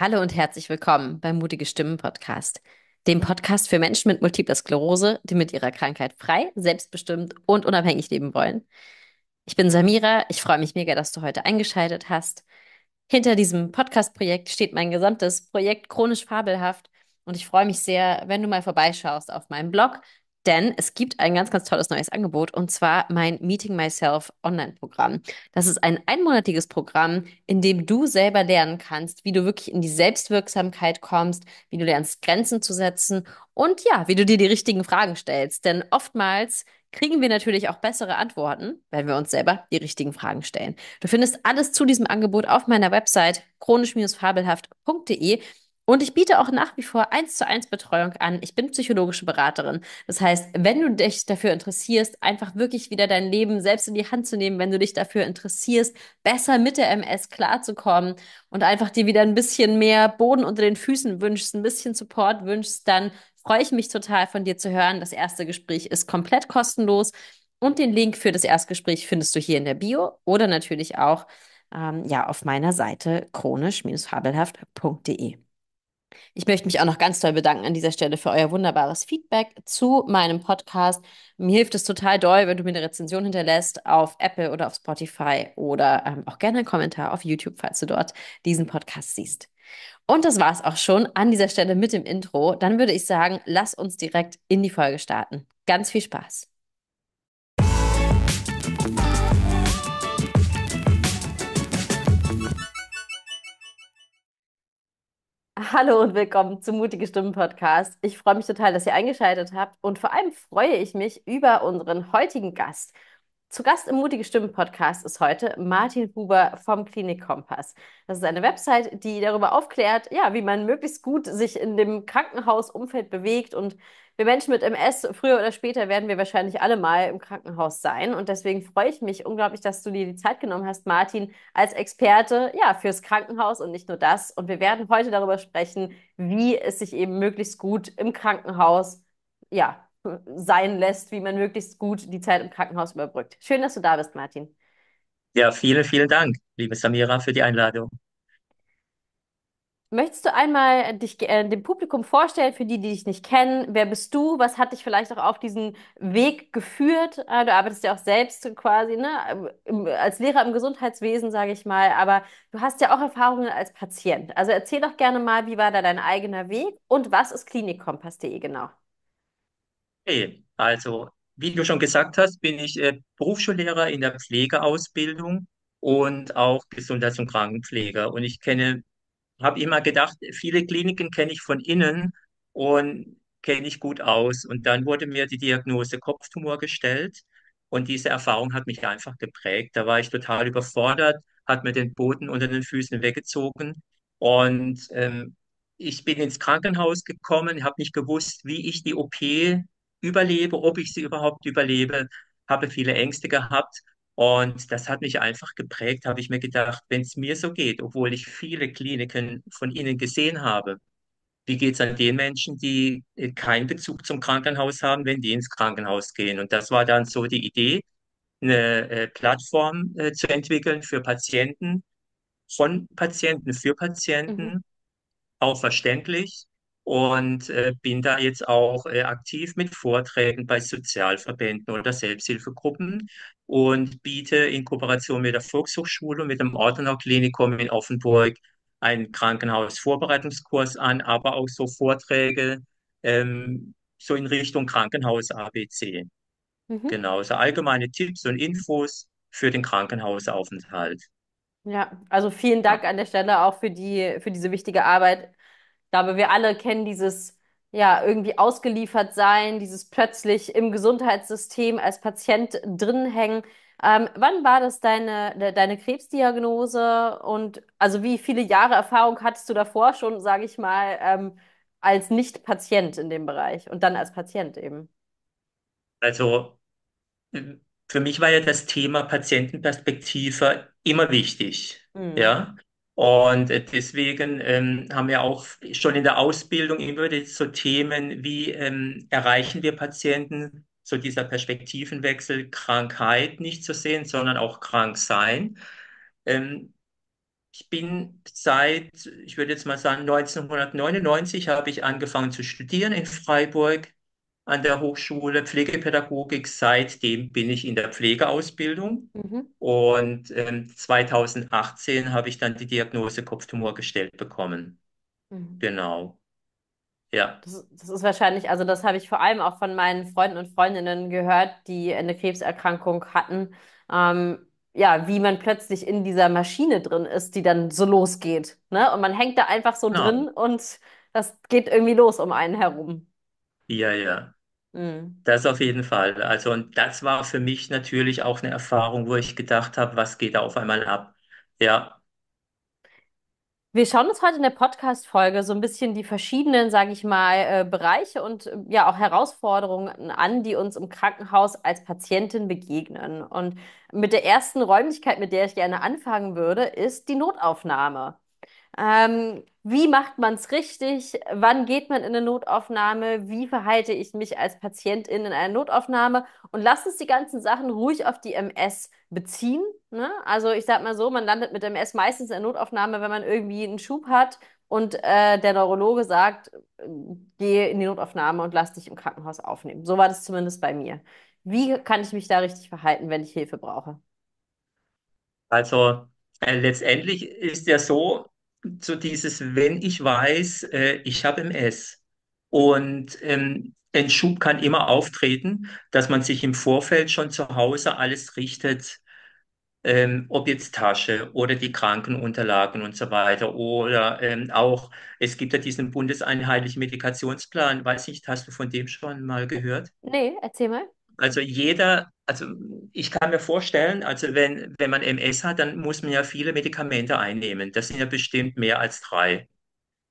Hallo und herzlich willkommen beim Mutige Stimmen Podcast, dem Podcast für Menschen mit multipler Sklerose, die mit ihrer Krankheit frei, selbstbestimmt und unabhängig leben wollen. Ich bin Samira, ich freue mich mega, dass du heute eingeschaltet hast. Hinter diesem Podcast-Projekt steht mein gesamtes Projekt Chronisch Fabelhaft und ich freue mich sehr, wenn du mal vorbeischaust auf meinem Blog denn es gibt ein ganz, ganz tolles neues Angebot und zwar mein Meeting Myself Online-Programm. Das ist ein einmonatiges Programm, in dem du selber lernen kannst, wie du wirklich in die Selbstwirksamkeit kommst, wie du lernst, Grenzen zu setzen und ja, wie du dir die richtigen Fragen stellst. Denn oftmals kriegen wir natürlich auch bessere Antworten, wenn wir uns selber die richtigen Fragen stellen. Du findest alles zu diesem Angebot auf meiner Website chronisch-fabelhaft.de. Und ich biete auch nach wie vor eins zu eins Betreuung an. Ich bin psychologische Beraterin. Das heißt, wenn du dich dafür interessierst, einfach wirklich wieder dein Leben selbst in die Hand zu nehmen, wenn du dich dafür interessierst, besser mit der MS klarzukommen und einfach dir wieder ein bisschen mehr Boden unter den Füßen wünschst, ein bisschen Support wünschst, dann freue ich mich total von dir zu hören. Das erste Gespräch ist komplett kostenlos und den Link für das Erstgespräch findest du hier in der Bio oder natürlich auch ähm, ja auf meiner Seite chronisch-fabelhaft.de. Ich möchte mich auch noch ganz toll bedanken an dieser Stelle für euer wunderbares Feedback zu meinem Podcast. Mir hilft es total doll, wenn du mir eine Rezension hinterlässt auf Apple oder auf Spotify oder ähm, auch gerne einen Kommentar auf YouTube, falls du dort diesen Podcast siehst. Und das war es auch schon an dieser Stelle mit dem Intro. Dann würde ich sagen, lass uns direkt in die Folge starten. Ganz viel Spaß. Hallo und willkommen zum Mutige Stimmen Podcast. Ich freue mich total, dass ihr eingeschaltet habt und vor allem freue ich mich über unseren heutigen Gast. Zu Gast im Mutige Stimmen Podcast ist heute Martin Huber vom Klinik Kompass. Das ist eine Website, die darüber aufklärt, ja, wie man möglichst gut sich in dem Krankenhausumfeld bewegt und wir Menschen mit MS, früher oder später werden wir wahrscheinlich alle mal im Krankenhaus sein. Und deswegen freue ich mich unglaublich, dass du dir die Zeit genommen hast, Martin, als Experte ja, fürs Krankenhaus und nicht nur das. Und wir werden heute darüber sprechen, wie es sich eben möglichst gut im Krankenhaus ja, sein lässt, wie man möglichst gut die Zeit im Krankenhaus überbrückt. Schön, dass du da bist, Martin. Ja, vielen, vielen Dank, liebe Samira, für die Einladung. Möchtest du einmal dich äh, dem Publikum vorstellen, für die, die dich nicht kennen? Wer bist du? Was hat dich vielleicht auch auf diesen Weg geführt? Äh, du arbeitest ja auch selbst quasi ne, Im, als Lehrer im Gesundheitswesen, sage ich mal, aber du hast ja auch Erfahrungen als Patient. Also erzähl doch gerne mal, wie war da dein eigener Weg und was ist klinikkompass.de genau? Hey, also wie du schon gesagt hast, bin ich äh, Berufsschullehrer in der Pflegeausbildung und auch Gesundheits- und Krankenpfleger. Und ich kenne habe immer gedacht, viele Kliniken kenne ich von innen und kenne ich gut aus. Und dann wurde mir die Diagnose Kopftumor gestellt. Und diese Erfahrung hat mich einfach geprägt. Da war ich total überfordert, hat mir den Boden unter den Füßen weggezogen. Und ähm, ich bin ins Krankenhaus gekommen, habe nicht gewusst, wie ich die OP überlebe, ob ich sie überhaupt überlebe, habe viele Ängste gehabt und das hat mich einfach geprägt, habe ich mir gedacht, wenn es mir so geht, obwohl ich viele Kliniken von Ihnen gesehen habe, wie geht es an den Menschen, die äh, keinen Bezug zum Krankenhaus haben, wenn die ins Krankenhaus gehen? Und das war dann so die Idee, eine äh, Plattform äh, zu entwickeln für Patienten, von Patienten, für Patienten, mhm. auch verständlich und äh, bin da jetzt auch äh, aktiv mit Vorträgen bei Sozialverbänden oder Selbsthilfegruppen und biete in Kooperation mit der Volkshochschule und mit dem Ortenau Klinikum in Offenburg einen Krankenhausvorbereitungskurs an, aber auch so Vorträge ähm, so in Richtung Krankenhaus ABC. Mhm. Genau, so allgemeine Tipps und Infos für den Krankenhausaufenthalt. Ja, also vielen Dank an der Stelle auch für die für diese wichtige Arbeit aber wir alle kennen dieses ja, irgendwie ausgeliefert sein, dieses plötzlich im Gesundheitssystem als Patient drin hängen. Ähm, wann war das deine, deine Krebsdiagnose und also wie viele Jahre Erfahrung hattest du davor schon, sage ich mal, ähm, als Nicht-Patient in dem Bereich und dann als Patient eben? Also für mich war ja das Thema Patientenperspektive immer wichtig. Mhm. Ja, und deswegen ähm, haben wir auch schon in der Ausbildung immer so Themen wie ähm, erreichen wir Patienten, so dieser Perspektivenwechsel, Krankheit nicht zu sehen, sondern auch krank sein. Ähm, ich bin seit, ich würde jetzt mal sagen, 1999 habe ich angefangen zu studieren in Freiburg an der Hochschule Pflegepädagogik. Seitdem bin ich in der Pflegeausbildung mhm. und äh, 2018 habe ich dann die Diagnose Kopftumor gestellt bekommen. Mhm. Genau. Ja. Das, das, ist wahrscheinlich, also das habe ich vor allem auch von meinen Freunden und Freundinnen gehört, die eine Krebserkrankung hatten. Ähm, ja, wie man plötzlich in dieser Maschine drin ist, die dann so losgeht. Ne? Und man hängt da einfach so genau. drin und das geht irgendwie los um einen herum. Ja, ja. Mhm. Das auf jeden Fall. Also, und das war für mich natürlich auch eine Erfahrung, wo ich gedacht habe, was geht da auf einmal ab? Ja. Wir schauen uns heute in der Podcast-Folge so ein bisschen die verschiedenen, sage ich mal, äh, Bereiche und ja auch Herausforderungen an, die uns im Krankenhaus als Patientin begegnen. Und mit der ersten Räumlichkeit, mit der ich gerne anfangen würde, ist die Notaufnahme. Ähm, wie macht man es richtig? Wann geht man in eine Notaufnahme? Wie verhalte ich mich als Patientin in einer Notaufnahme? Und lass uns die ganzen Sachen ruhig auf die MS beziehen. Ne? Also ich sag mal so, man landet mit MS meistens in der Notaufnahme, wenn man irgendwie einen Schub hat und äh, der Neurologe sagt, gehe in die Notaufnahme und lass dich im Krankenhaus aufnehmen. So war das zumindest bei mir. Wie kann ich mich da richtig verhalten, wenn ich Hilfe brauche? Also äh, letztendlich ist ja so, so dieses, wenn ich weiß, äh, ich habe MS und ähm, ein Schub kann immer auftreten, dass man sich im Vorfeld schon zu Hause alles richtet, ähm, ob jetzt Tasche oder die Krankenunterlagen und so weiter. Oder ähm, auch, es gibt ja diesen bundeseinheitlichen Medikationsplan. Weiß nicht, hast du von dem schon mal gehört? Nee, erzähl mal. Also jeder, also ich kann mir vorstellen, also wenn, wenn man MS hat, dann muss man ja viele Medikamente einnehmen. Das sind ja bestimmt mehr als drei.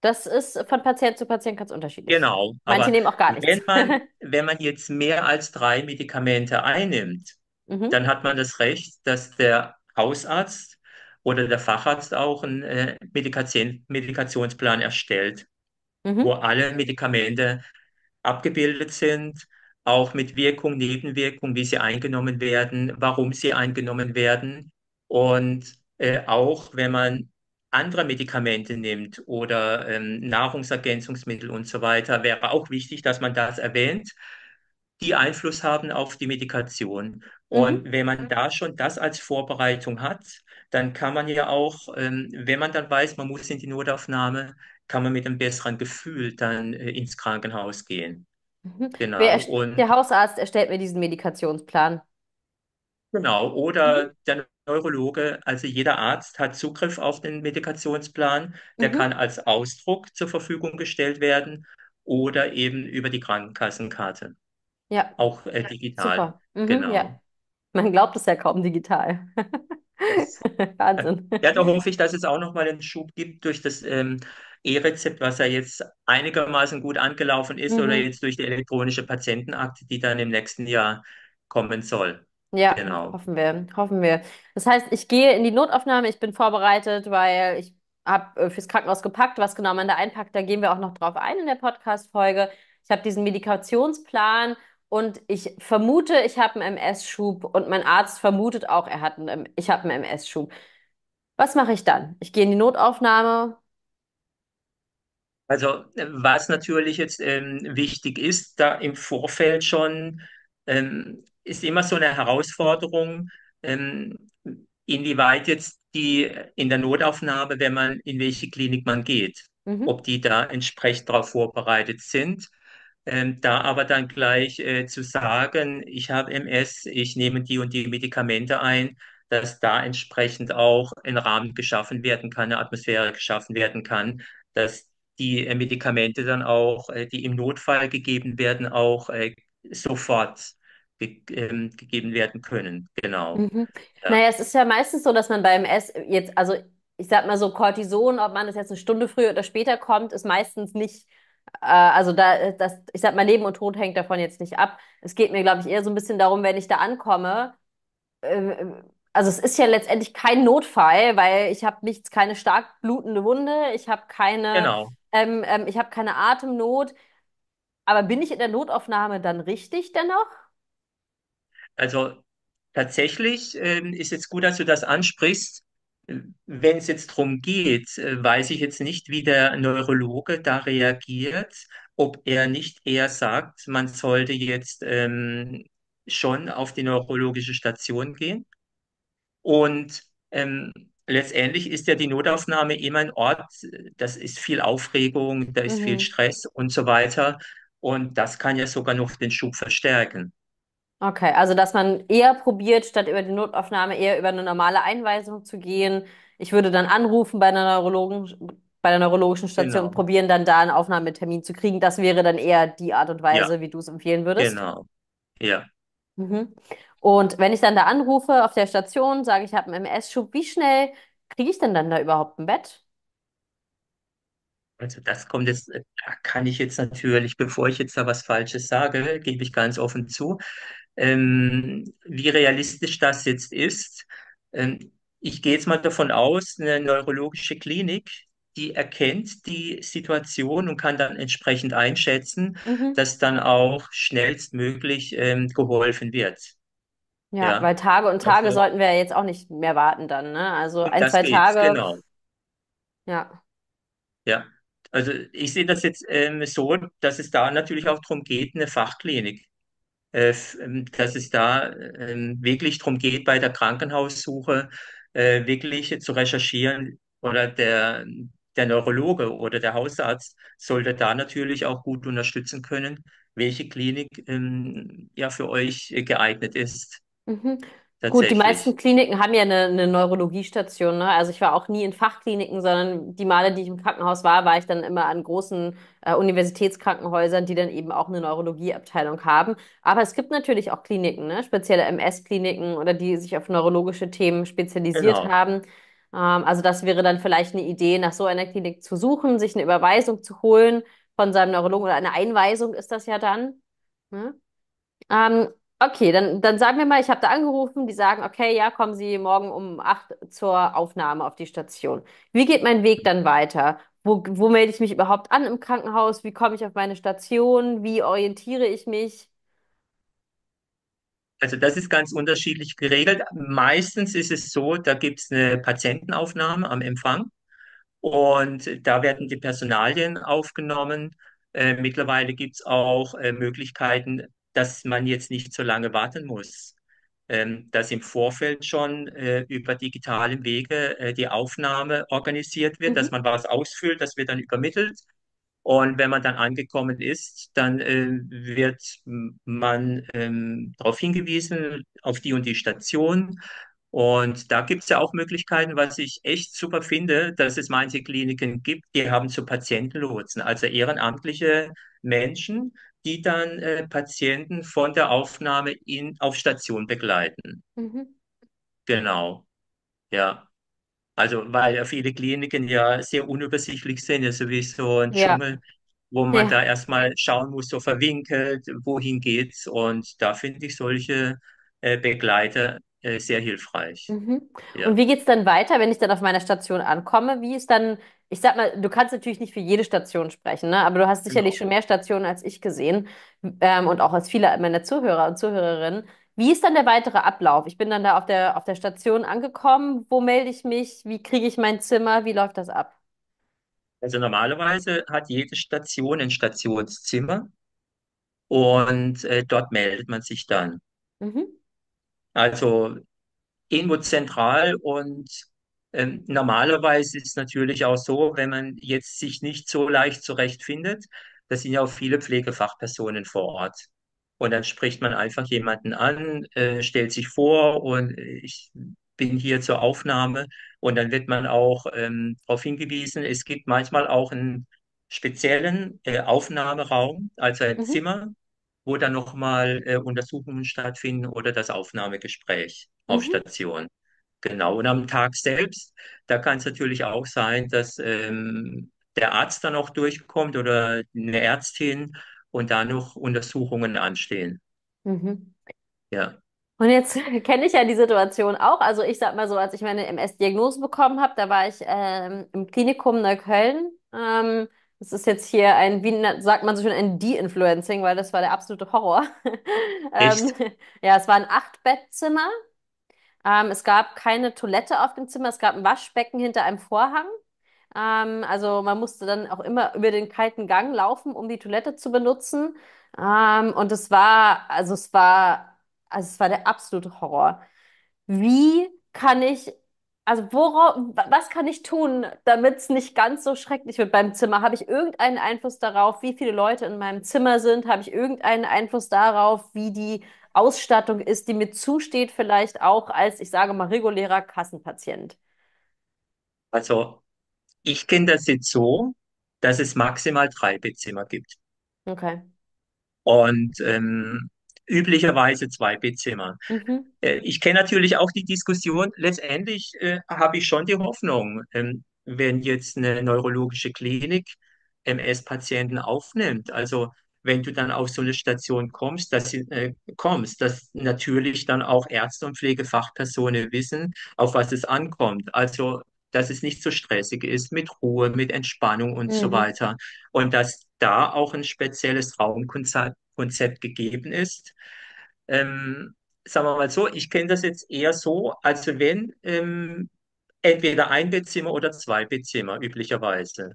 Das ist von Patient zu Patient ganz unterschiedlich. Genau. Manche nehmen auch gar nichts. Wenn man, wenn man jetzt mehr als drei Medikamente einnimmt, mhm. dann hat man das Recht, dass der Hausarzt oder der Facharzt auch einen äh, Medikation, Medikationsplan erstellt, mhm. wo alle Medikamente abgebildet sind auch mit Wirkung, Nebenwirkung, wie sie eingenommen werden, warum sie eingenommen werden. Und äh, auch wenn man andere Medikamente nimmt oder ähm, Nahrungsergänzungsmittel und so weiter, wäre auch wichtig, dass man das erwähnt, die Einfluss haben auf die Medikation. Mhm. Und mhm. wenn man da schon das als Vorbereitung hat, dann kann man ja auch, ähm, wenn man dann weiß, man muss in die Notaufnahme, kann man mit einem besseren Gefühl dann äh, ins Krankenhaus gehen. Mhm. Genau, Wer Genau. erst- Und der Hausarzt erstellt mir diesen Medikationsplan. Genau, oder mhm. der Neurologe, also jeder Arzt hat Zugriff auf den Medikationsplan, der Mhm. kann als Ausdruck zur Verfügung gestellt werden oder eben über die Krankenkassenkarte, Ja, auch äh, digital. super. Mhm, genau. ja. Genau. Man glaubt es ja kaum digital. Das, Wahnsinn. ja, da hoffe ich, dass es auch nochmal einen Schub gibt durch das ähm, E-Rezept, was ja jetzt einigermaßen gut angelaufen ist, mhm. oder jetzt durch die elektronische Patientenakte, die dann im nächsten Jahr kommen soll. Ja, genau. hoffen wir, hoffen wir. Das heißt, ich gehe in die Notaufnahme, ich bin vorbereitet, weil ich habe äh, fürs Krankenhaus gepackt, was genau man da einpackt, da gehen wir auch noch drauf ein in der Podcast-Folge. Ich habe diesen Medikationsplan und ich vermute, ich habe einen MS-Schub und mein Arzt vermutet auch, er hat einen, ich habe einen MS-Schub. Was mache ich dann? Ich gehe in die Notaufnahme, also äh, was natürlich jetzt ähm, wichtig ist, da im Vorfeld schon, ähm, ist immer so eine Herausforderung, ähm, inwieweit jetzt die in der Notaufnahme, wenn man in welche Klinik man geht, mhm. ob die da entsprechend darauf vorbereitet sind. Ähm, da aber dann gleich äh, zu sagen, ich habe MS, ich nehme die und die Medikamente ein, dass da entsprechend auch ein Rahmen geschaffen werden kann, eine Atmosphäre geschaffen werden kann, dass die äh, Medikamente dann auch, äh, die im Notfall gegeben werden, auch äh, sofort ge ähm, gegeben werden können. Genau. Mhm. Ja. Naja, es ist ja meistens so, dass man beim S jetzt, also ich sag mal so, Cortison, ob man das jetzt eine Stunde früher oder später kommt, ist meistens nicht also da, das, ich sag mal, Leben und Tod hängt davon jetzt nicht ab. Es geht mir, glaube ich, eher so ein bisschen darum, wenn ich da ankomme, also es ist ja letztendlich kein Notfall, weil ich habe nichts, keine stark blutende Wunde, ich habe keine, Genau. ähm, ähm, ich habe keine Atemnot. Aber bin ich in der Notaufnahme dann richtig dennoch? Also tatsächlich ähm, ist jetzt gut, dass du das ansprichst. Wenn es jetzt darum geht, äh, weiß ich jetzt nicht, wie der Neurologe da reagiert, ob er nicht eher sagt, man sollte jetzt ähm, schon auf die neurologische Station gehen und ähm, letztendlich ist ja die Notaufnahme immer ein Ort, das ist viel Aufregung, da ist mhm. viel Stress und so weiter. Und das kann ja sogar noch den Schub verstärken. Okay, also dass man eher probiert, statt über die Notaufnahme eher über eine normale Einweisung zu gehen. Ich würde dann anrufen bei einer Neurologen, bei der neurologischen Station genau. und probieren, dann da einen Aufnahmetermin zu kriegen. Das wäre dann eher die Art und Weise, ja. wie du es empfehlen würdest. Genau. Ja. Mhm. Und wenn ich dann da anrufe auf der Station, sage ich, ich habe einen MS-Schub, wie schnell kriege ich denn dann da überhaupt ein Bett? Also das kommt jetzt, äh, da kann ich jetzt natürlich, bevor ich jetzt da was Falsches sage, gebe ich ganz offen zu, ähm, wie realistisch das jetzt ist. Ähm, ich gehe jetzt mal davon aus, eine neurologische Klinik, die erkennt die Situation und kann dann entsprechend einschätzen, mhm. dass dann auch schnellstmöglich ähm, geholfen wird. Ja, ja, weil Tage und Tage also, sollten wir jetzt auch nicht mehr warten dann, ne? Also ein, zwei Tage. Genau. Ja. Ja. Also ich sehe das jetzt ähm, so, dass es da natürlich auch darum geht, eine Fachklinik, äh, ähm, dass es da äh, wirklich darum geht, bei der Krankenhaussuche äh, wirklich zu recherchieren oder der, der Neurologe oder der Hausarzt sollte da natürlich auch gut unterstützen können, welche Klinik ähm, ja für euch geeignet ist. Mhm. Gut, die meisten Tatsächlich. Kliniken haben ja eine, eine Neurologiestation, ne? Also ich war auch nie in Fachkliniken, sondern die Male, die ich im Krankenhaus war, war ich dann immer an großen äh, Universitätskrankenhäusern, die dann eben auch eine Neurologieabteilung haben. Aber es gibt natürlich auch Kliniken, ne? Spezielle MS-Kliniken oder die sich auf neurologische Themen spezialisiert Genau. haben. Ähm, also das wäre dann vielleicht eine Idee, nach so einer Klinik zu suchen, sich eine Überweisung zu holen von seinem Neurologen oder eine Einweisung ist das ja dann. Ne? Ähm, Okay, dann, dann sagen wir mal, ich habe da angerufen, die sagen, okay, ja, kommen Sie morgen um 8 zur Aufnahme auf die Station. Wie geht mein Weg dann weiter? Wo, wo melde ich mich überhaupt an im Krankenhaus? Wie komme ich auf meine Station? Wie orientiere ich mich? Also das ist ganz unterschiedlich geregelt. Meistens ist es so, da gibt es eine Patientenaufnahme am Empfang und da werden die Personalien aufgenommen. Äh, mittlerweile gibt es auch äh, Möglichkeiten, dass man jetzt nicht so lange warten muss. Ähm, dass im Vorfeld schon äh, über digitalen Wege äh, die Aufnahme organisiert wird, mhm. dass man was ausfüllt, das wird dann übermittelt. Und wenn man dann angekommen ist, dann äh, wird man ähm, darauf hingewiesen, auf die und die Station. Und da gibt es ja auch Möglichkeiten, was ich echt super finde, dass es manche Kliniken gibt, die haben zu Patientenlotsen, also ehrenamtliche Menschen, die dann äh, Patienten von der Aufnahme in, auf Station begleiten. Mhm. Genau, ja. Also, weil viele Kliniken ja sehr unübersichtlich sind, also wie so ein ja. Dschungel, wo man ja. da erstmal schauen muss, so verwinkelt, wohin geht's. Und da finde ich solche äh, Begleiter äh, sehr hilfreich. Mhm. Ja. Und wie geht es dann weiter, wenn ich dann auf meiner Station ankomme? Wie ist dann, ich sag mal, du kannst natürlich nicht für jede Station sprechen, ne? aber du hast sicherlich genau. schon mehr Stationen als ich gesehen ähm, und auch als viele meiner Zuhörer und Zuhörerinnen. Wie ist dann der weitere Ablauf? Ich bin dann da auf der, auf der Station angekommen. Wo melde ich mich? Wie kriege ich mein Zimmer? Wie läuft das ab? Also normalerweise hat jede Station ein Stationszimmer und äh, dort meldet man sich dann. Mhm. Also irgendwo zentral und ähm, normalerweise ist es natürlich auch so, wenn man jetzt sich nicht so leicht zurechtfindet, da sind ja auch viele Pflegefachpersonen vor Ort. Und dann spricht man einfach jemanden an, äh, stellt sich vor und äh, ich bin hier zur Aufnahme. Und dann wird man auch ähm, darauf hingewiesen, es gibt manchmal auch einen speziellen äh, Aufnahmeraum, also ein mhm. Zimmer, wo dann nochmal äh, Untersuchungen stattfinden oder das Aufnahmegespräch mhm. auf Station. Genau. Und am Tag selbst, da kann es natürlich auch sein, dass ähm, der Arzt dann auch durchkommt oder eine Ärztin und da noch Untersuchungen anstehen. Mhm. Ja. Und jetzt kenne ich ja die Situation auch. Also ich sag mal so, als ich meine MS-Diagnose bekommen habe, da war ich ähm, im Klinikum Neukölln. Ähm, das ist jetzt hier ein, wie sagt man so schön, ein De-Influencing, weil das war der absolute Horror. Ähm, Echt? ja, es war ein Acht-Bettzimmer. Ähm, es gab keine Toilette auf dem Zimmer, es gab ein Waschbecken hinter einem Vorhang. Ähm, also man musste dann auch immer über den kalten Gang laufen, um die Toilette zu benutzen. Ähm, und es war, also es war, also es war der absolute Horror. Wie kann ich also worauf, was kann ich tun, damit es nicht ganz so schrecklich wird beim Zimmer? Habe ich irgendeinen Einfluss darauf, wie viele Leute in meinem Zimmer sind? Habe ich irgendeinen Einfluss darauf, wie die Ausstattung ist, die mir zusteht, vielleicht auch als, ich sage mal, regulärer Kassenpatient? Also, ich kenne das jetzt so, dass es maximal drei Bettzimmer gibt. Okay. Und ähm, üblicherweise zwei Bettzimmern. Mhm. Äh, ich kenne natürlich auch die Diskussion. Letztendlich äh, habe ich schon die Hoffnung, ähm, wenn jetzt eine neurologische Klinik MS-Patienten aufnimmt, also wenn du dann auf so eine Station kommst, dass, äh, kommst, dass natürlich dann auch Ärzte und Pflegefachpersonen wissen, auf was es ankommt. Also dass es nicht so stressig ist mit Ruhe, mit Entspannung und mhm. so weiter. Und dass da auch ein spezielles Raumkonzept Konzept gegeben ist. Ähm, sagen wir mal so, ich kenne das jetzt eher so, also wenn ähm, entweder ein Bettzimmer oder zwei Bettzimmer üblicherweise.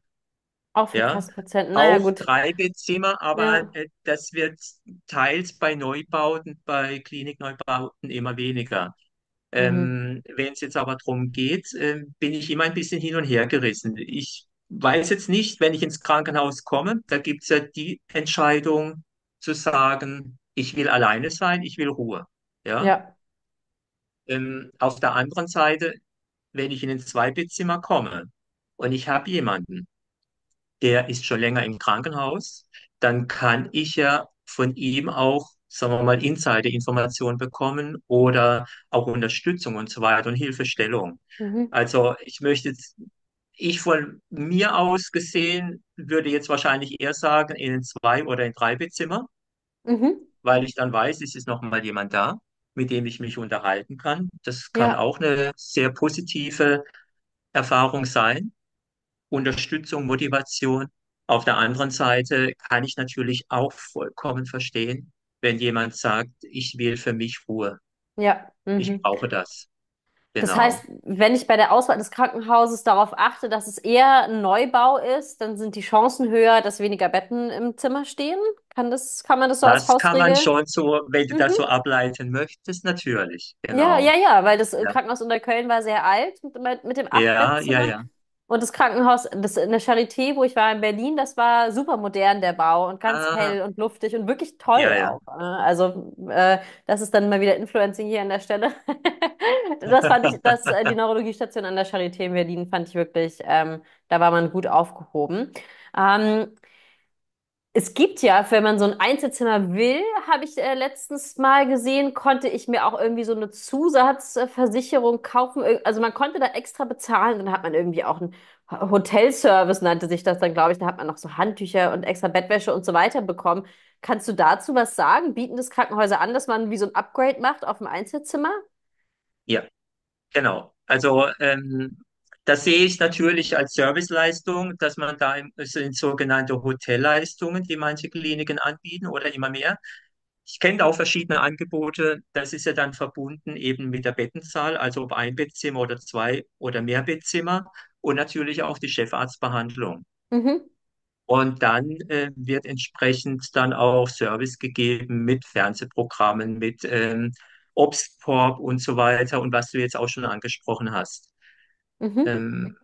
Auch für ja? Passpatienten. Naja, Auch gut. drei Bettzimmer, aber ja. Äh, das wird teils bei Neubauten, bei Klinikneubauten immer weniger. Mhm. Ähm, Wenn es jetzt aber darum geht, äh, bin ich immer ein bisschen hin und her gerissen. Ich weiß jetzt nicht, wenn ich ins Krankenhaus komme, da gibt es ja die Entscheidung zu sagen, ich will alleine sein, ich will Ruhe. Ja. ja. Ähm, auf der anderen Seite, wenn ich in ein Zweibettzimmer komme und ich habe jemanden, der ist schon länger im Krankenhaus, dann kann ich ja von ihm auch sagen wir mal, Insider-Informationen bekommen oder auch Unterstützung und so weiter und Hilfestellung. Mhm. Also ich möchte jetzt, ich von mir aus gesehen, würde jetzt wahrscheinlich eher sagen, in zwei oder in drei Bettzimmer, mhm. weil ich dann weiß, es ist noch mal jemand da, mit dem ich mich unterhalten kann. Das kann ja. auch eine sehr positive Erfahrung sein. Unterstützung, Motivation. Auf der anderen Seite kann ich natürlich auch vollkommen verstehen, wenn jemand sagt, ich will für mich Ruhe. Ja. Mhm. Ich brauche das. Das genau. heißt, wenn ich bei der Auswahl des Krankenhauses darauf achte, dass es eher ein Neubau ist, dann sind die Chancen höher, dass weniger Betten im Zimmer stehen. Kann, das, kann man das so als Hausregel? Das kann man schon so, wenn mhm. du das so mhm. ableiten möchtest, natürlich. Genau. Ja, ja, ja, weil das ja. Krankenhaus unter Köln war sehr alt mit, mit dem Acht ja, ja, ja, und das Krankenhaus, das in der Charité, wo ich war in Berlin, das war super modern, der Bau und ganz Ah, hell und luftig und wirklich toll ja, auch. Ne? Also, äh, das ist dann mal wieder Influencing hier an der Stelle. Das fand ich, das, äh, die Neurologiestation an der Charité in Berlin fand ich wirklich, ähm, da war man gut aufgehoben. Ähm, es gibt ja, wenn man so ein Einzelzimmer will, habe ich äh, letztens mal gesehen, konnte ich mir auch irgendwie so eine Zusatzversicherung kaufen. Also man konnte da extra bezahlen, dann hat man irgendwie auch einen Hotelservice, nannte sich das dann, glaube ich. Da hat man noch so Handtücher und extra Bettwäsche und so weiter bekommen. Kannst du dazu was sagen? Bieten das Krankenhäuser an, dass man wie so ein Upgrade macht auf dem Einzelzimmer? Ja, genau. Also ähm, das sehe ich natürlich als Serviceleistung, dass man da im, sind sogenannte Hotelleistungen, die manche Kliniken anbieten oder immer mehr. Ich kenne auch verschiedene Angebote. Das ist ja dann verbunden eben mit der Bettenzahl, also ob ein Bettzimmer oder zwei oder mehr Bettzimmer und natürlich auch die Chefarztbehandlung. Mhm. Und dann äh, wird entsprechend dann auch Service gegeben mit Fernsehprogrammen, mit ähm, Obstkorb und so weiter und was du jetzt auch schon angesprochen hast. Mhm. Ähm,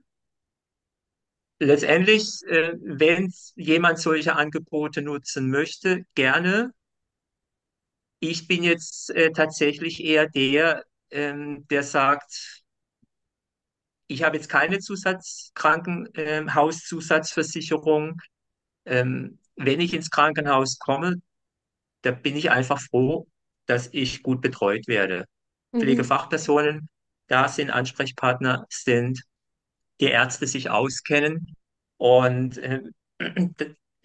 letztendlich, äh, wenn jemand solche Angebote nutzen möchte, gerne. Ich bin jetzt äh, tatsächlich eher der, ähm, der sagt, ich habe jetzt keine Zusatzkrankenhauszusatzversicherung. Ähm, äh, ähm, wenn ich ins Krankenhaus komme, da bin ich einfach froh, dass ich gut betreut werde. Mhm. Pflegefachpersonen da sind Ansprechpartner sind, die Ärzte sich auskennen. Und äh,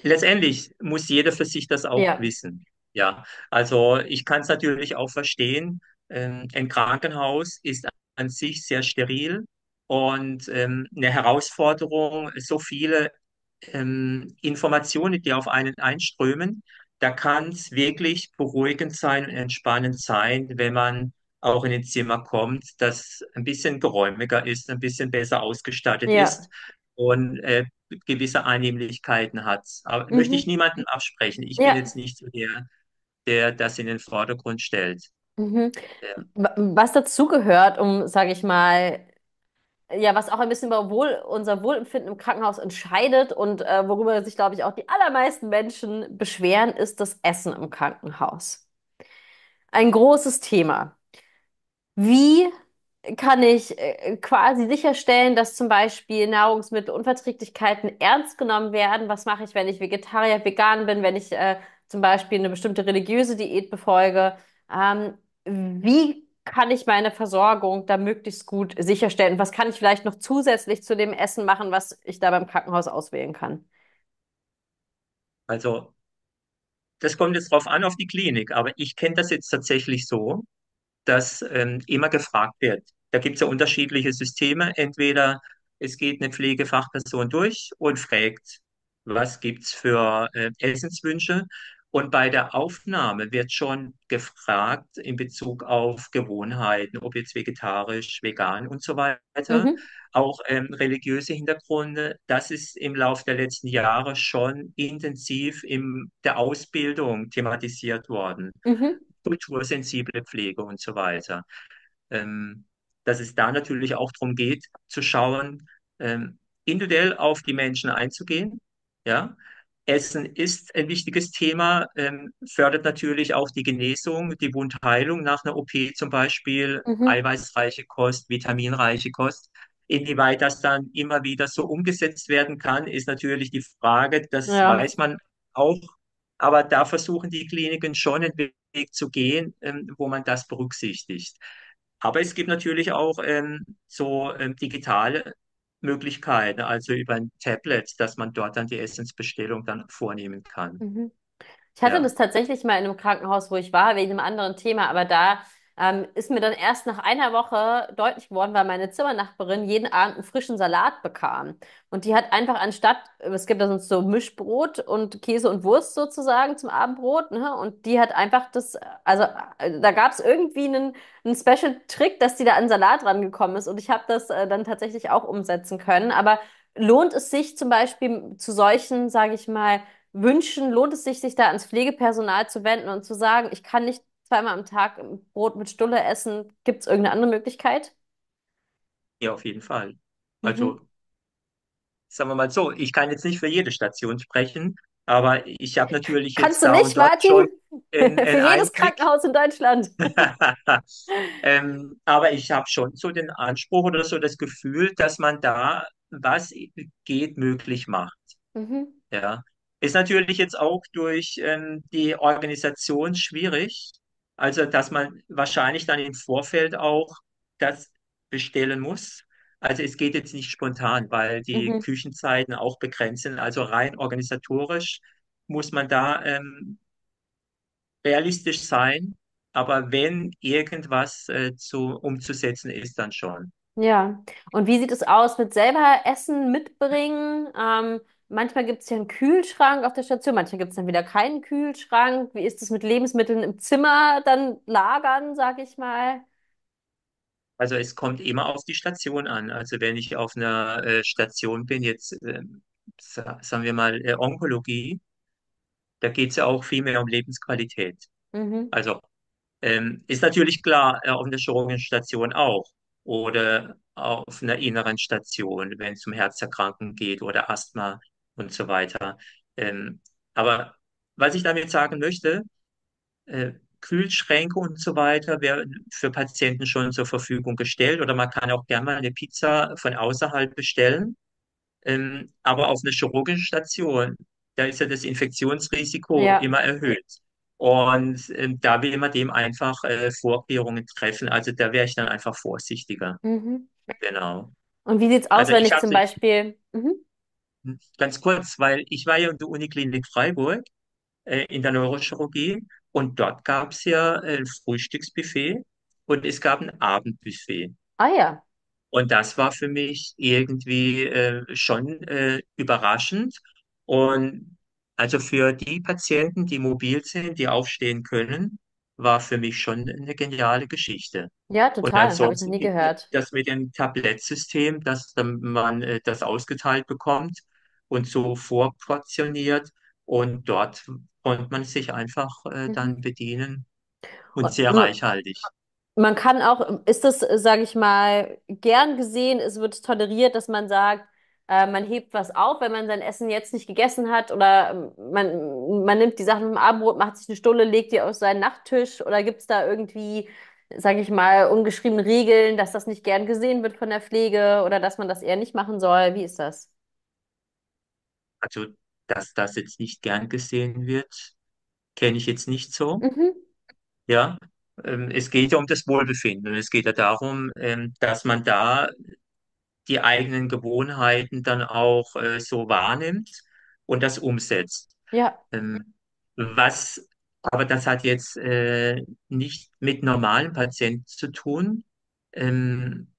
letztendlich muss jeder für sich das auch ja. wissen. Ja, also ich kann es natürlich auch verstehen. Ähm, ein Krankenhaus ist an sich sehr steril und ähm, eine Herausforderung, so viele ähm, Informationen, die auf einen einströmen. Da kann es wirklich beruhigend sein und entspannend sein, wenn man auch in ein Zimmer kommt, das ein bisschen geräumiger ist, ein bisschen besser ausgestattet ja. ist und äh, gewisse Annehmlichkeiten hat. Aber mhm. möchte ich niemanden absprechen. Ich ja. bin jetzt nicht so der, der das in den Vordergrund stellt. Mhm. Ja. Was dazugehört, um, sage ich mal, ja, was auch ein bisschen über Wohl, unser Wohlempfinden im Krankenhaus entscheidet und äh, worüber sich, glaube ich, auch die allermeisten Menschen beschweren, ist das Essen im Krankenhaus. Ein großes Thema. Wie kann ich äh, quasi sicherstellen, dass zum Beispiel Nahrungsmittelunverträglichkeiten ernst genommen werden? Was mache ich, wenn ich Vegetarier, vegan bin, wenn ich äh, zum Beispiel eine bestimmte religiöse Diät befolge? Ähm, wie kann ich meine Versorgung da möglichst gut sicherstellen? Was kann ich vielleicht noch zusätzlich zu dem Essen machen, was ich da beim Krankenhaus auswählen kann? Also, das kommt jetzt drauf an auf die Klinik, aber ich kenne das jetzt tatsächlich so, dass ähm, immer gefragt wird. Da gibt es ja unterschiedliche Systeme. Entweder es geht eine Pflegefachperson durch und fragt, was gibt es für äh, Essenswünsche. Und bei der Aufnahme wird schon gefragt in Bezug auf Gewohnheiten, ob jetzt vegetarisch, vegan und so weiter, mhm. auch ähm, religiöse Hintergründe. Das ist im Laufe der letzten Jahre schon intensiv in der Ausbildung thematisiert worden. Mhm kultursensible Pflege und so weiter. Ähm, dass es da natürlich auch darum geht, zu schauen, ähm, individuell auf die Menschen einzugehen. Ja? Essen ist ein wichtiges Thema, ähm, fördert natürlich auch die Genesung, die Wundheilung nach einer OP zum Beispiel, mhm. eiweißreiche Kost, vitaminreiche Kost. Inwieweit das dann immer wieder so umgesetzt werden kann, ist natürlich die Frage, das ja. weiß man auch. Aber da versuchen die Kliniken schon einen Weg zu gehen, ähm, wo man das berücksichtigt. Aber es gibt natürlich auch ähm, so ähm, digitale Möglichkeiten, also über ein Tablet, dass man dort dann die Essensbestellung dann vornehmen kann. Mhm. Ich hatte ja. das tatsächlich mal in einem Krankenhaus, wo ich war, wegen einem anderen Thema, aber da ähm, ist mir dann erst nach einer Woche deutlich geworden, weil meine Zimmernachbarin jeden Abend einen frischen Salat bekam. Und die hat einfach anstatt, es gibt da sonst so Mischbrot und Käse und Wurst sozusagen zum Abendbrot, ne? und die hat einfach das, also äh, da gab es irgendwie einen, einen Special-Trick, dass die da an Salat rangekommen ist. Und ich habe das äh, dann tatsächlich auch umsetzen können. Aber lohnt es sich zum Beispiel zu solchen, sage ich mal, Wünschen, lohnt es sich, sich da ans Pflegepersonal zu wenden und zu sagen, ich kann nicht zweimal am Tag Brot mit Stulle essen? Gibt es irgendeine andere Möglichkeit? Ja, auf jeden Fall. Mhm. Also, Mhm. sagen wir mal so, ich kann jetzt nicht für jede Station sprechen, aber ich habe natürlich jetzt. Kannst du nicht, und Martin? schon einen, Für jedes Einblick. Krankenhaus in Deutschland. Ähm, aber ich habe schon so den Anspruch oder so das Gefühl, dass man da was geht möglich macht. Mhm. Ja. Ist natürlich jetzt auch durch ähm, die Organisation schwierig. Also, dass man wahrscheinlich dann im Vorfeld auch das bestellen muss. Also es geht jetzt nicht spontan, weil die mhm. Küchenzeiten auch begrenzt sind. Also rein organisatorisch muss man da ähm, realistisch sein. Aber wenn irgendwas äh, zu, umzusetzen ist, dann schon. Ja, und wie sieht es aus mit selber Essen mitbringen? Ähm, Manchmal gibt es ja einen Kühlschrank auf der Station, manchmal gibt es dann wieder keinen Kühlschrank. Wie ist es mit Lebensmitteln im Zimmer dann lagern, sag ich mal? Also es kommt immer auf die Station an. Also wenn ich auf einer äh, Station bin, jetzt äh, sagen wir mal äh, Onkologie, da geht es ja auch viel mehr um Lebensqualität. Mhm. Also ähm, ist natürlich klar, äh, auf einer Chirurgenstation auch oder auf einer inneren Station, wenn es um Herzerkranken geht oder Asthma und so weiter. Ähm, aber was ich damit sagen möchte, äh, Kühlschränke und so weiter werden für Patienten schon zur Verfügung gestellt oder man kann auch gerne mal eine Pizza von außerhalb bestellen. Ähm, aber auf einer chirurgischen Station, da ist ja das Infektionsrisiko ja. immer erhöht. Und ähm, da will man dem einfach äh, Vorkehrungen treffen. Also da wäre ich dann einfach vorsichtiger. Mhm. Genau. Und wie sieht es aus, also wenn ich, ich zum Beispiel. Mhm ganz kurz, weil ich war ja in der Uniklinik Freiburg äh, in der Neurochirurgie und dort gab es ja ein äh, Frühstücksbuffet und es gab ein Abendbuffet. Ah ja. Und das war für mich irgendwie äh, schon äh, überraschend. Und also für die Patienten, die mobil sind, die aufstehen können, war für mich schon eine geniale Geschichte. Ja, total, habe ich noch nie gehört. Das mit dem Tablettsystem, dass man äh, das ausgeteilt bekommt, und so vorportioniert. Und dort konnte man sich einfach äh, mhm. dann bedienen und sehr reichhaltig. Man kann auch, ist das, äh, sage ich mal, gern gesehen, es wird toleriert, dass man sagt, äh, man hebt was auf, wenn man sein Essen jetzt nicht gegessen hat oder ähm, man, man nimmt die Sachen vom Abendbrot, macht sich eine Stulle, legt die auf seinen Nachttisch oder gibt es da irgendwie, sage ich mal, ungeschriebene Regeln, dass das nicht gern gesehen wird von der Pflege oder dass man das eher nicht machen soll? Wie ist das? Also, dass das jetzt nicht gern gesehen wird, kenne ich jetzt nicht so. Mhm. Ja, ähm, es geht ja um das Wohlbefinden. Es geht ja darum, ähm, dass man da die eigenen Gewohnheiten dann auch äh, so wahrnimmt und das umsetzt. Ja. Ähm, was, aber das hat jetzt äh, nicht mit normalen Patienten zu tun. Ähm,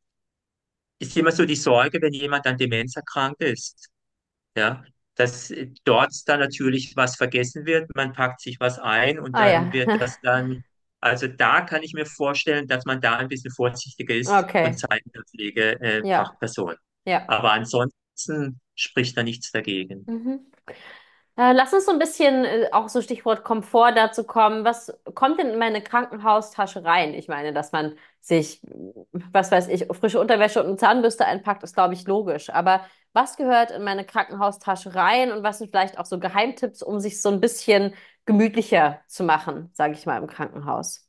ist immer so die Sorge, wenn jemand an Demenz erkrankt ist. Ja, dass dort dann natürlich was vergessen wird, man packt sich was ein und ah, dann ja. wird das dann, also da kann ich mir vorstellen, dass man da ein bisschen vorsichtiger ist okay. und Zeiten der Pflege äh, ja. Person. Ja. Aber ansonsten spricht da nichts dagegen. Mhm. Äh, lass uns so ein bisschen äh, auch so Stichwort Komfort dazu kommen. Was kommt denn in meine Krankenhaustasche rein? Ich meine, dass man sich, was weiß ich, frische Unterwäsche und eine Zahnbürste einpackt, ist, glaube ich, logisch. Aber was gehört in meine Krankenhaustasche rein und was sind vielleicht auch so Geheimtipps, um sich so ein bisschen gemütlicher zu machen, sage ich mal, im Krankenhaus?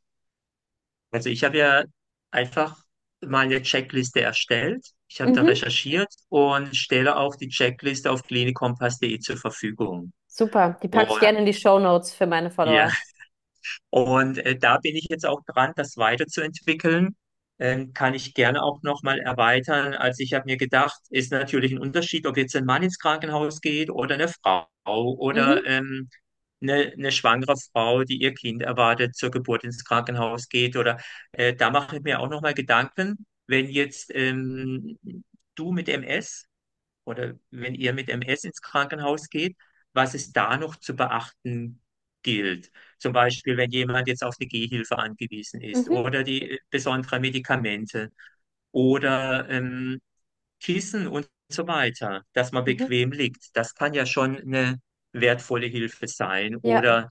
Also ich habe ja einfach mal eine Checkliste erstellt. Ich habe mhm. da recherchiert und stelle auch die Checkliste auf klinikompass.de zur Verfügung. Super, die packe ich gerne in die Shownotes für meine Follower. Ja. Und äh, da bin ich jetzt auch dran, das weiterzuentwickeln ähm, kann ich gerne auch nochmal erweitern. Also ich habe mir gedacht, ist natürlich ein Unterschied, ob jetzt ein Mann ins Krankenhaus geht oder eine Frau oder mhm. ähm, eine, eine, schwangere Frau, die ihr Kind erwartet, zur Geburt ins Krankenhaus geht. Oder äh, da mache ich mir auch nochmal Gedanken, wenn jetzt ähm, du mit MS oder wenn ihr mit MS ins Krankenhaus geht, was ist da noch zu beachten gilt. Zum Beispiel, wenn jemand jetzt auf die Gehhilfe angewiesen ist mhm. oder die besonderen Medikamente oder ähm, Kissen und so weiter, dass man mhm. bequem mhm. liegt. Das kann ja schon eine wertvolle Hilfe sein ja. oder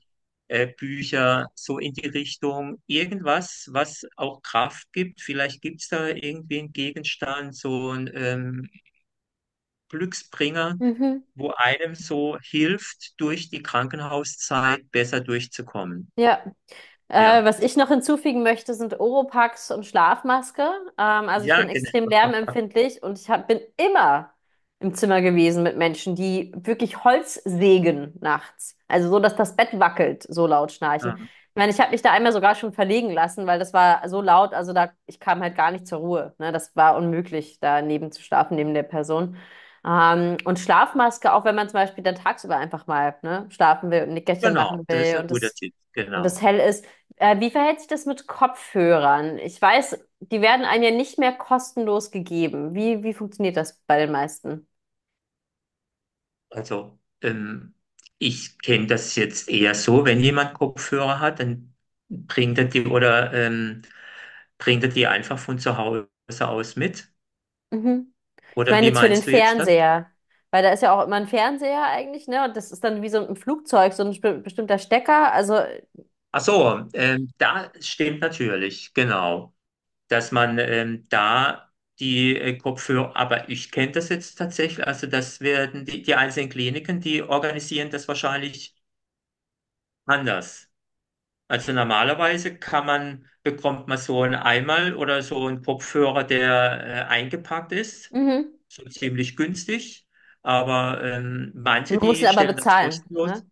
äh, Bücher so in die Richtung irgendwas, was auch Kraft gibt. Vielleicht gibt es da irgendwie einen Gegenstand, so ein ähm, Glücksbringer, mhm. wo einem so hilft, durch die Krankenhauszeit besser durchzukommen. Ja. Äh, ja. Äh, was ich noch hinzufügen möchte, sind Oropax und Schlafmaske. Ähm, also ja, ich bin genau. extrem lärmempfindlich und ich hab, bin immer im Zimmer gewesen mit Menschen, die wirklich Holz sägen nachts. Also so, dass das Bett wackelt, so laut schnarchen. Ja. Ich meine, ich habe mich da einmal sogar schon verlegen lassen, weil das war so laut, also da ich kam halt gar nicht zur Ruhe. Ne? Das war unmöglich, da neben zu schlafen, neben der Person. Ähm, und Schlafmaske, auch wenn man zum Beispiel dann tagsüber einfach mal ne, schlafen will und Nickerchen genau, machen will das und, das, genau. und, das, hell ist. Äh, wie verhält sich das mit Kopfhörern? Ich weiß, die werden einem ja nicht mehr kostenlos gegeben. Wie, wie funktioniert das bei den meisten? Also, ähm, ich kenne das jetzt eher so, wenn jemand Kopfhörer hat, dann bringt er die oder ähm, bringt er die einfach von zu Hause aus mit. Mhm. Oder ich meine für den meinst du jetzt das? Fernseher, weil da ist ja auch immer ein Fernseher eigentlich, ne? Und das ist dann wie so ein Flugzeug, so ein spe- bestimmter Stecker. Also, Ach so, ähm, da stimmt natürlich, genau, dass man ähm, da die äh, Kopfhörer, aber ich kenne das jetzt tatsächlich, also das werden die, die einzelnen Kliniken, die organisieren das wahrscheinlich anders. Also normalerweise kann man, bekommt man so einen Eimer oder so einen Kopfhörer, der äh, eingepackt ist, Mhm. so ziemlich günstig. Aber ähm, manche, musst ihn die aber stellen das bezahlen, kostenlos, ne?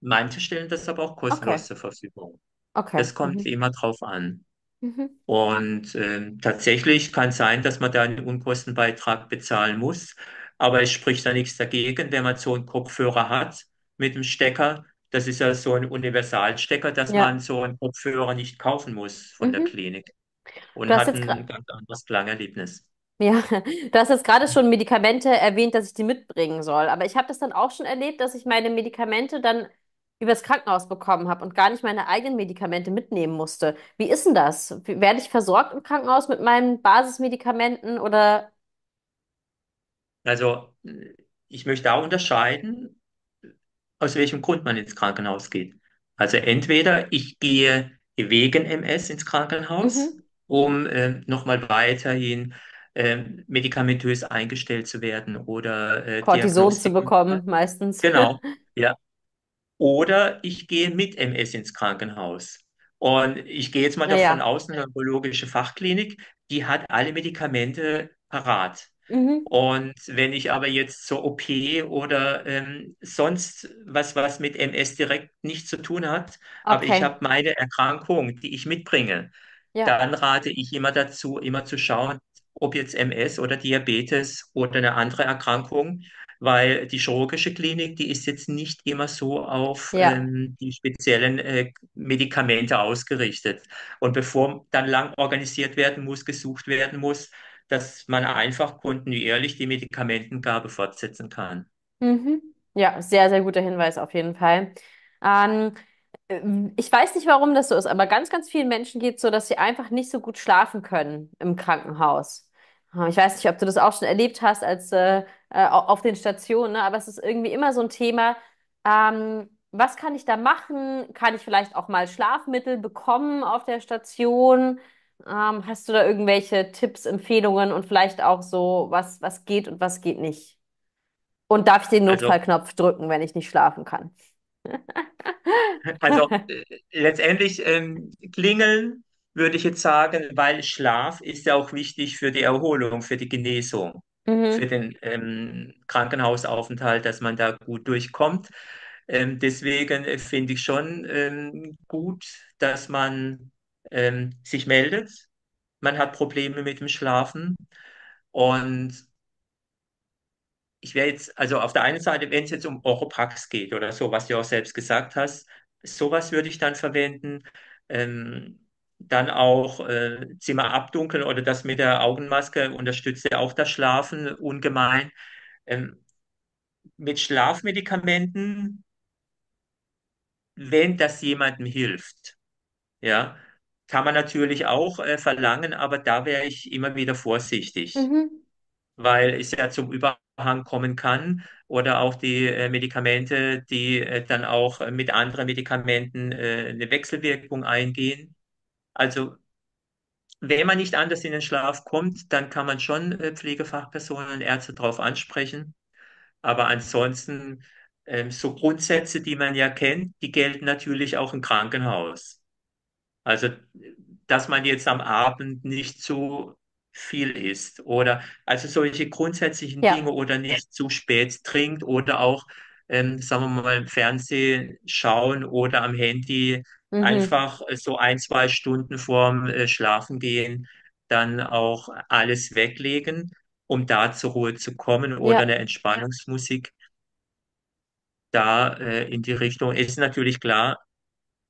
manche stellen das aber auch Okay, kostenlos zur Verfügung. okay. Das kommt Mhm. immer drauf an. Mhm. Und ähm, tatsächlich kann sein, dass man da einen Unkostenbeitrag bezahlen muss, aber es spricht da nichts dagegen, wenn man so einen Kopfhörer hat mit dem Stecker, das ist ja so ein Universalstecker, dass ja. man so einen Kopfhörer nicht kaufen muss von mhm. der Klinik und hat ein ganz anderes Klangerlebnis. Ja, du hast jetzt gerade schon Medikamente erwähnt, dass ich die mitbringen soll. Aber ich habe das dann auch schon erlebt, dass ich meine Medikamente dann übers Krankenhaus bekommen habe und gar nicht meine eigenen Medikamente mitnehmen musste. Wie ist denn das? Werde ich versorgt im Krankenhaus mit meinen Basismedikamenten oder? Also, ich möchte auch unterscheiden aus welchem Grund man ins Krankenhaus geht. Also entweder ich gehe wegen MS ins Krankenhaus, mhm. um äh, nochmal weiterhin äh, medikamentös eingestellt zu werden oder äh, zu bekommen meistens. Genau, ja. Oder ich gehe mit MS ins Krankenhaus. Und ich gehe jetzt mal ja, davon ja. aus, eine neurologische Fachklinik, die hat alle Medikamente parat. Mhm. Und wenn ich aber jetzt zur OP oder ähm, sonst was, was mit MS direkt nicht zu tun hat, aber ich habe meine Erkrankung, die ich mitbringe, ja. dann rate ich immer dazu, immer zu schauen, ob jetzt MS oder Diabetes oder eine andere Erkrankung, weil die chirurgische Klinik, die ist jetzt nicht immer so auf Ja, ähm, die speziellen äh, Medikamente ausgerichtet. Und bevor dann lang organisiert werden muss, gesucht werden muss, dass man einfach kontinuierlich die Medikamentengabe fortsetzen kann. Mhm. Ja, sehr, sehr guter Hinweis auf jeden Fall. Ähm, ich weiß nicht, warum das so ist, aber ganz, ganz vielen Menschen geht es so, dass sie einfach nicht so gut schlafen können im Krankenhaus. Ähm, ich weiß nicht, ob du das auch schon erlebt hast als äh, äh, auf den Stationen, ne? aber es ist irgendwie immer so ein Thema. Ähm, was kann ich da machen? Kann ich vielleicht auch mal Schlafmittel bekommen auf der Station? Ähm, hast du da irgendwelche Tipps, Empfehlungen und vielleicht auch so, was, was geht und was geht nicht? Und darf ich den Also, Notfallknopf drücken, wenn ich nicht schlafen kann? also äh, letztendlich ähm, klingeln würde ich jetzt sagen, weil Schlaf ist ja auch wichtig für die Erholung, für die Genesung, mhm. für Mhm. den ähm, Krankenhausaufenthalt, dass man da gut durchkommt. Ähm, deswegen äh, finde ich schon ähm, gut, dass man ähm, sich meldet, man hat Probleme mit dem Schlafen und ich wäre jetzt, also auf der einen Seite, wenn es jetzt um Oropax geht oder so, was du auch selbst gesagt hast, sowas würde ich dann verwenden. Ähm, dann auch äh, Zimmer abdunkeln oder das mit der Augenmaske unterstützt ja auch das Schlafen ungemein. Ähm, mit Schlafmedikamenten, wenn das jemandem hilft, ja, kann man natürlich auch äh, verlangen, aber da wäre ich immer wieder vorsichtig, Mhm. weil es ja zum Überhang kommen kann oder auch die äh, Medikamente, die äh, dann auch mit anderen Medikamenten äh, eine Wechselwirkung eingehen. Also wenn man nicht anders in den Schlaf kommt, dann kann man schon äh, Pflegefachpersonen und Ärzte darauf ansprechen. Aber ansonsten, ähm, so Grundsätze, die man ja kennt, die gelten natürlich auch im Krankenhaus. Also, dass man jetzt am Abend nicht zu viel isst oder also solche grundsätzlichen ja. Dinge oder nicht zu spät trinkt oder auch, ähm, sagen wir mal, im Fernsehen schauen oder am Handy mhm. einfach so ein, zwei Stunden vorm äh, Schlafengehen dann auch alles weglegen, um da zur Ruhe zu kommen oder ja. eine Entspannungsmusik da äh, in die Richtung. Ist natürlich klar,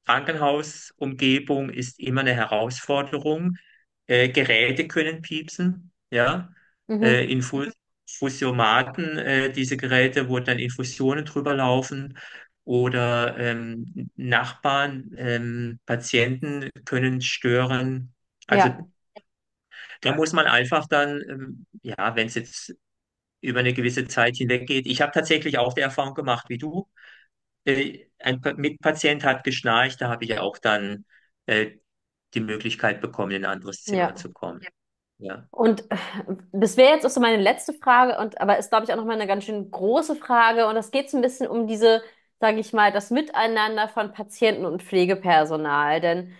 Krankenhausumgebung ist immer eine Herausforderung. Äh, Geräte können piepsen, ja. Mhm. Äh, Infus äh, diese Geräte, wo dann Infusionen drüber laufen oder ähm, Nachbarn, ähm, Patienten können stören. Also Ja, da muss man einfach dann, ähm, ja, wenn es jetzt über eine gewisse Zeit hinweg geht. Ich habe tatsächlich auch die Erfahrung gemacht wie du, äh, ein Mitpatient hat geschnarcht, da habe ich auch dann äh, die Möglichkeit bekommen, in ein anderes Zimmer ja. zu kommen. Ja. Und äh, das wäre jetzt auch so meine letzte Frage, und aber ist, glaube ich, auch nochmal eine ganz schön große Frage. Und das geht so ein bisschen um diese, sage ich mal, das Miteinander von Patienten und Pflegepersonal. Denn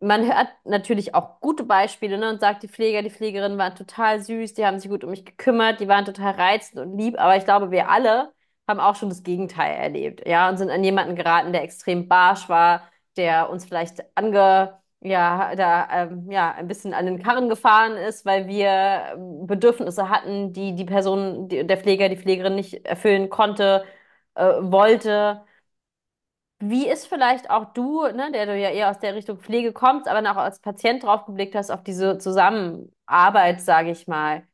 man hört natürlich auch gute Beispiele ne, und sagt, die Pfleger, die Pflegerinnen waren total süß, die haben sich gut um mich gekümmert, die waren total reizend und lieb. Aber ich glaube, wir alle haben auch schon das Gegenteil erlebt, ja, und sind an jemanden geraten, der extrem barsch war, der uns vielleicht ange, ja, da, ähm, ja, ein bisschen an den Karren gefahren ist, weil wir ähm, Bedürfnisse hatten, die die Person, die, der Pfleger, die Pflegerin nicht erfüllen konnte, äh, wollte. Wie ist vielleicht auch du, ne, der du ja eher aus der Richtung Pflege kommst, aber auch als Patient drauf geblickt hast, auf diese Zusammenarbeit, sage ich mal.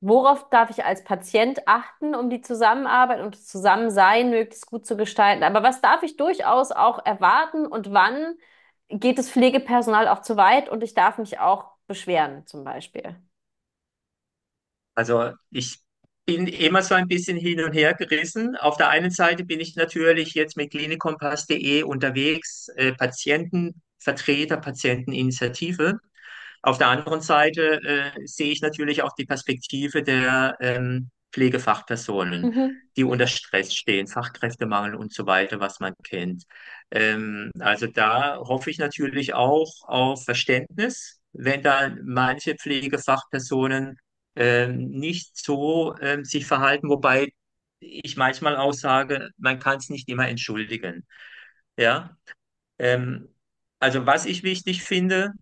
Worauf darf ich als Patient achten, um die Zusammenarbeit und das Zusammensein möglichst gut zu gestalten? Aber was darf ich durchaus auch erwarten und wann geht das Pflegepersonal auch zu weit und ich darf mich auch beschweren zum Beispiel? Also ich bin immer so ein bisschen hin und her gerissen. Auf der einen Seite bin ich natürlich jetzt mit klinikompass.de unterwegs, äh, Patientenvertreter, Patienteninitiative. Auf der anderen Seite äh, sehe ich natürlich auch die Perspektive der ähm, Pflegefachpersonen, mhm. die unter Stress stehen, Fachkräftemangel und so weiter, was man kennt. Ähm, also da hoffe ich natürlich auch auf Verständnis, wenn da manche Pflegefachpersonen ähm, nicht so ähm, sich verhalten, wobei ich manchmal auch sage, man kann es nicht immer entschuldigen. Ja. Ähm, also was ich wichtig finde,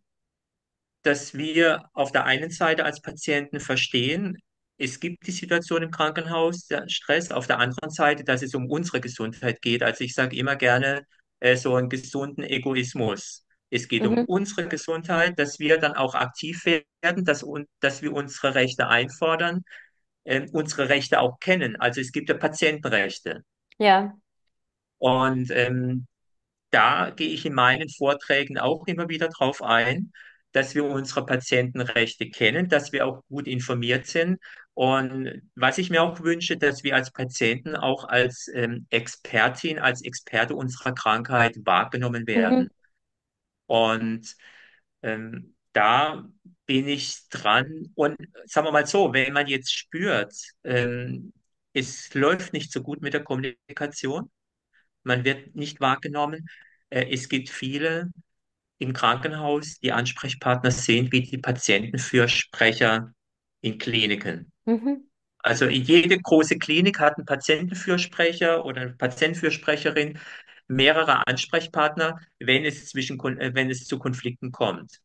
dass wir auf der einen Seite als Patienten verstehen, es gibt die Situation im Krankenhaus, der Stress, auf der anderen Seite, dass es um unsere Gesundheit geht. Also ich sage immer gerne äh, so einen gesunden Egoismus. Es geht mhm. um unsere Gesundheit, dass wir dann auch aktiv werden, dass, dass wir unsere Rechte einfordern, äh, unsere Rechte auch kennen. Also es gibt ja Patientenrechte. Ja. Und ähm, da gehe ich in meinen Vorträgen auch immer wieder drauf ein, dass wir unsere Patientenrechte kennen, dass wir auch gut informiert sind. Und was ich mir auch wünsche, dass wir als Patienten auch als ähm, Expertin, als Experte unserer Krankheit wahrgenommen mhm. werden. Mhm. Und ähm, da bin ich dran. Und sagen wir mal so, wenn man jetzt spürt, ähm, es läuft nicht so gut mit der Kommunikation, man wird nicht wahrgenommen, äh, es gibt viele, im Krankenhaus die Ansprechpartner sind wie die Patientenfürsprecher in Kliniken. Mhm. Also jede große Klinik hat einen Patientenfürsprecher oder eine Patientenfürsprecherin, mehrere Ansprechpartner, wenn es, zwischen, äh, wenn es zu Konflikten kommt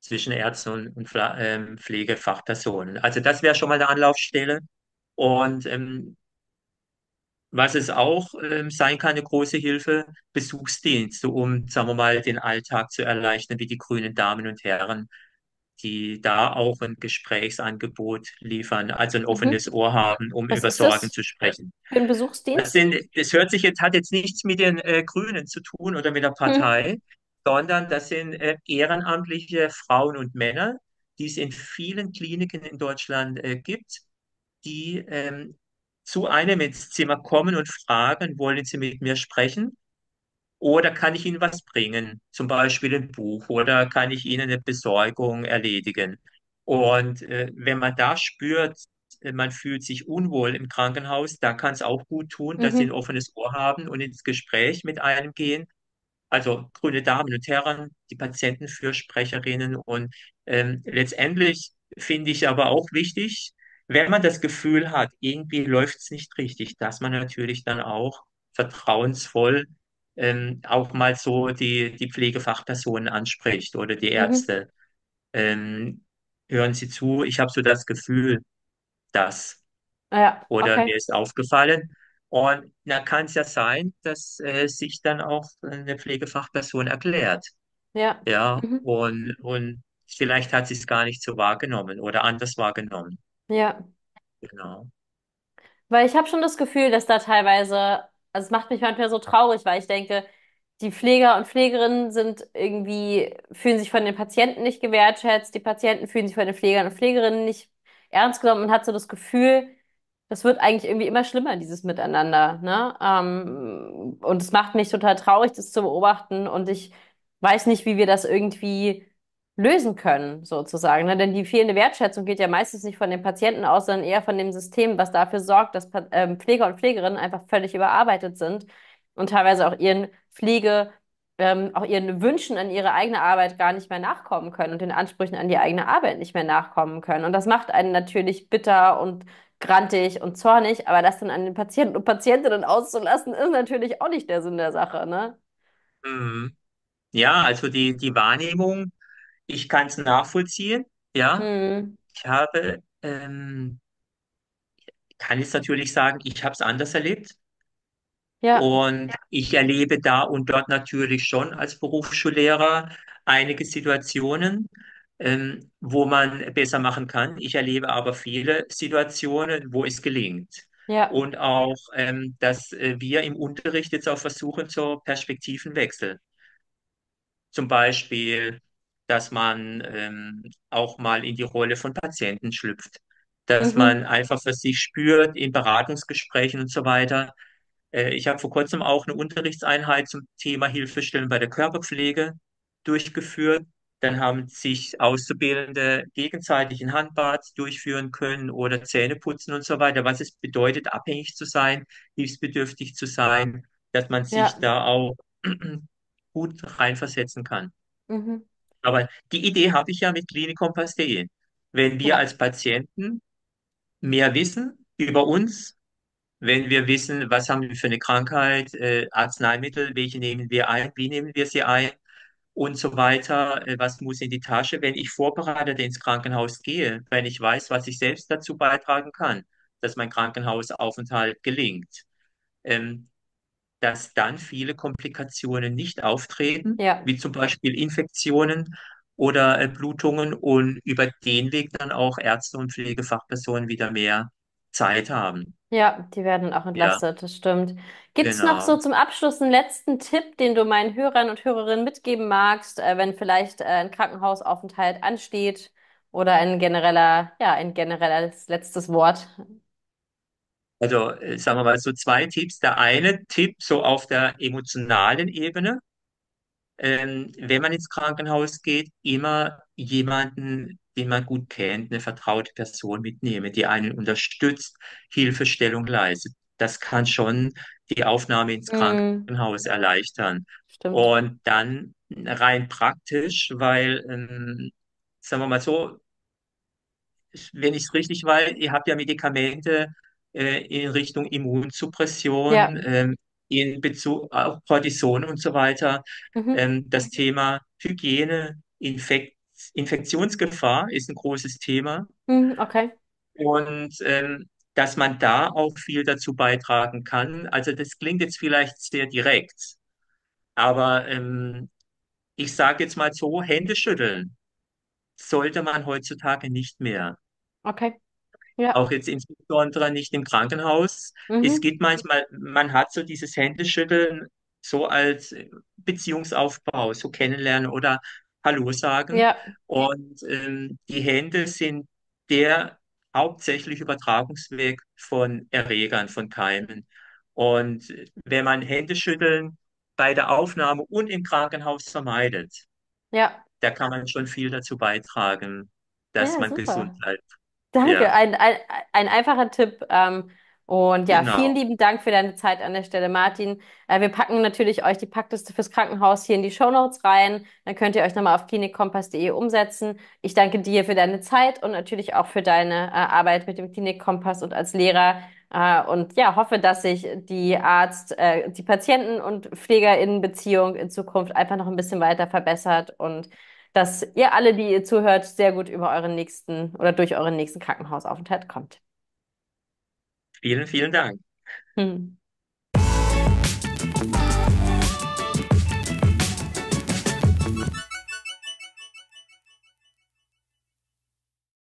zwischen Ärzten und ähm, Pflegefachpersonen. Also das wäre schon mal eine Anlaufstelle. Und ähm, was es auch ähm, sein kann, eine große Hilfe, Besuchsdienste, um, sagen wir mal, den Alltag zu erleichtern, wie die grünen Damen und Herren, die da auch ein Gesprächsangebot liefern, also ein mhm. offenes mhm. Ohr haben, um Was über Sorgen zu sprechen. den Besuchsdienst? Das, sind, das, hört sich jetzt, hat jetzt nichts mit den äh, Grünen zu tun oder mit der mhm. Partei, mhm. sondern das sind äh, ehrenamtliche Frauen und Männer, die es in vielen Kliniken in Deutschland äh, gibt, die ähm, zu einem ins Zimmer kommen und fragen, wollen Sie mit mir sprechen? Oder kann ich Ihnen was bringen, zum Beispiel ein Buch, oder kann ich Ihnen eine Besorgung erledigen? Und äh, wenn man da spürt, äh, man fühlt sich unwohl im Krankenhaus, da kann es auch gut tun, dass mhm. sie ein offenes Ohr haben und ins Gespräch mit einem gehen. Also grüne Damen und Herren, die Patientenfürsprecherinnen und ähm, letztendlich finde ich aber auch wichtig, wenn man das Gefühl hat, irgendwie läuft es nicht richtig, dass man natürlich dann auch vertrauensvoll ähm, auch mal so die, die Pflegefachpersonen anspricht oder die mhm. Ärzte. Mhm. Ähm, hören Sie zu, ich habe so das Gefühl, dass. Ah ja, oder okay. mir ist aufgefallen. Und da kann es ja sein, dass äh, sich dann auch eine Pflegefachperson erklärt. Ja. Ja, mhm. und, und vielleicht hat sie es gar nicht so wahrgenommen oder anders wahrgenommen. Ja. Genau. Weil ich habe schon das Gefühl, dass da teilweise, also es macht mich manchmal so traurig, weil ich denke, die Pfleger und Pflegerinnen sind irgendwie, fühlen sich von den Patienten nicht gewertschätzt, die Patienten fühlen sich von den Pflegern und Pflegerinnen nicht ernst genommen und hat so das Gefühl, das wird eigentlich irgendwie immer schlimmer, dieses Miteinander, ne? Ähm, und es macht mich total traurig, das zu beobachten und ich weiß nicht, wie wir das irgendwie lösen können, sozusagen. Ne? Denn die fehlende Wertschätzung geht ja meistens nicht von den Patienten aus, sondern eher von dem System, was dafür sorgt, dass ähm, Pfleger und Pflegerinnen einfach völlig überarbeitet sind und teilweise auch ihren Pflege, ähm, auch ihren Wünschen an ihre eigene Arbeit gar nicht mehr nachkommen können und den Ansprüchen an die eigene Arbeit nicht mehr nachkommen können. Und das macht einen natürlich bitter und grantig und zornig, aber das dann an den Patienten und Patientinnen auszulassen, ist natürlich auch nicht der Sinn der Sache, ne? Mhm. Ja, also die, die Wahrnehmung ich kann es nachvollziehen, ja. Mhm. Ich habe, ähm, kann jetzt natürlich sagen, ich habe es anders erlebt. Ja, Und ich erlebe da und dort natürlich schon als Berufsschullehrer einige Situationen, ähm, wo man besser machen kann. Ich erlebe aber viele Situationen, wo es gelingt. ja, Und auch, ähm, dass äh, wir im Unterricht jetzt auch versuchen, so Perspektiven wechseln. Zum Beispiel, dass man ähm, auch mal in die Rolle von Patienten schlüpft, dass mhm. man einfach für sich spürt in Beratungsgesprächen und so weiter. Äh, ich habe vor kurzem auch eine Unterrichtseinheit zum Thema Hilfestellung bei der Körperpflege durchgeführt. Dann haben sich Auszubildende gegenseitig in Handbad durchführen können oder Zähne putzen und so weiter, was es bedeutet, abhängig zu sein, hilfsbedürftig zu sein, dass man sich ja. da auch gut reinversetzen kann. Mhm. Aber die Idee habe ich ja mit Klinikum Wenn wir als Patienten mehr wissen über uns, wenn wir wissen, was haben wir für eine Krankheit, äh, Arzneimittel, welche nehmen wir ein, wie nehmen wir sie ein und so weiter, äh, was muss in die Tasche, wenn ich vorbereitet ins Krankenhaus gehe, wenn ich weiß, was ich selbst dazu beitragen kann, dass mein Krankenhausaufenthalt gelingt. Ähm, dass dann viele Komplikationen nicht auftreten, ja. wie zum Beispiel Infektionen oder äh, Blutungen und über den Weg dann auch Ärzte und Pflegefachpersonen wieder mehr Zeit haben. Ja, die werden auch entlastet, ja. das stimmt. Gibt es genau. noch so zum Abschluss einen letzten Tipp, den du meinen Hörern und Hörerinnen mitgeben magst, äh, wenn vielleicht äh, ein Krankenhausaufenthalt ansteht oder ein genereller, ja, ein generelles letztes Wort? Also äh, sagen wir mal so zwei Tipps. Der eine Tipp so auf der emotionalen Ebene, ähm, wenn man ins Krankenhaus geht, immer jemanden, den man gut kennt, eine vertraute Person mitnehmen, die einen unterstützt, Hilfestellung leistet. Das kann schon die Aufnahme ins mhm. Krankenhaus mhm. erleichtern. Stimmt. Und dann rein praktisch, weil, ähm, sagen wir mal so, wenn ich es richtig weiß, ihr habt ja Medikamente äh, in Richtung Immunsuppression, ja. ähm, in Bezug auf Cortison und so weiter. Mhm. Ähm, das Thema Hygiene, Infekt, Infektionsgefahr ist ein großes Thema. Mhm, okay. Und ähm, dass man da auch viel dazu beitragen kann. Also das klingt jetzt vielleicht sehr direkt, aber ähm, ich sage jetzt mal so, Hände schütteln sollte man heutzutage nicht mehr. Okay. Ja. Auch jetzt insbesondere nicht im Krankenhaus. Mhm. Es geht manchmal, man hat so dieses Händeschütteln so als Beziehungsaufbau, so kennenlernen oder Hallo sagen. Ja. Und ähm, die Hände sind der hauptsächliche Übertragungsweg von Erregern, von Keimen. Und wenn man Händeschütteln bei der Aufnahme und im Krankenhaus vermeidet, ja. da kann man schon viel dazu beitragen, dass ja, man super. gesund bleibt. Danke, Ja, ein, ein, ein einfacher Tipp. Ähm, und ja, genau. vielen genau. lieben Dank für deine Zeit an der Stelle, Martin. Äh, wir packen natürlich euch die Packliste fürs Krankenhaus hier in die Shownotes rein. Dann könnt ihr euch nochmal auf klinikkompass.de umsetzen. Ich danke dir für deine Zeit und natürlich auch für deine äh, Arbeit mit dem Klinikkompass und als Lehrer. Äh, und ja, hoffe, dass sich die Arzt, äh, die Patienten- und PflegerInnen-Beziehung in Zukunft einfach noch ein bisschen weiter verbessert und dass ihr alle, die ihr zuhört, sehr gut über euren nächsten oder durch euren nächsten Krankenhausaufenthalt kommt. Vielen, vielen Dank. Hm.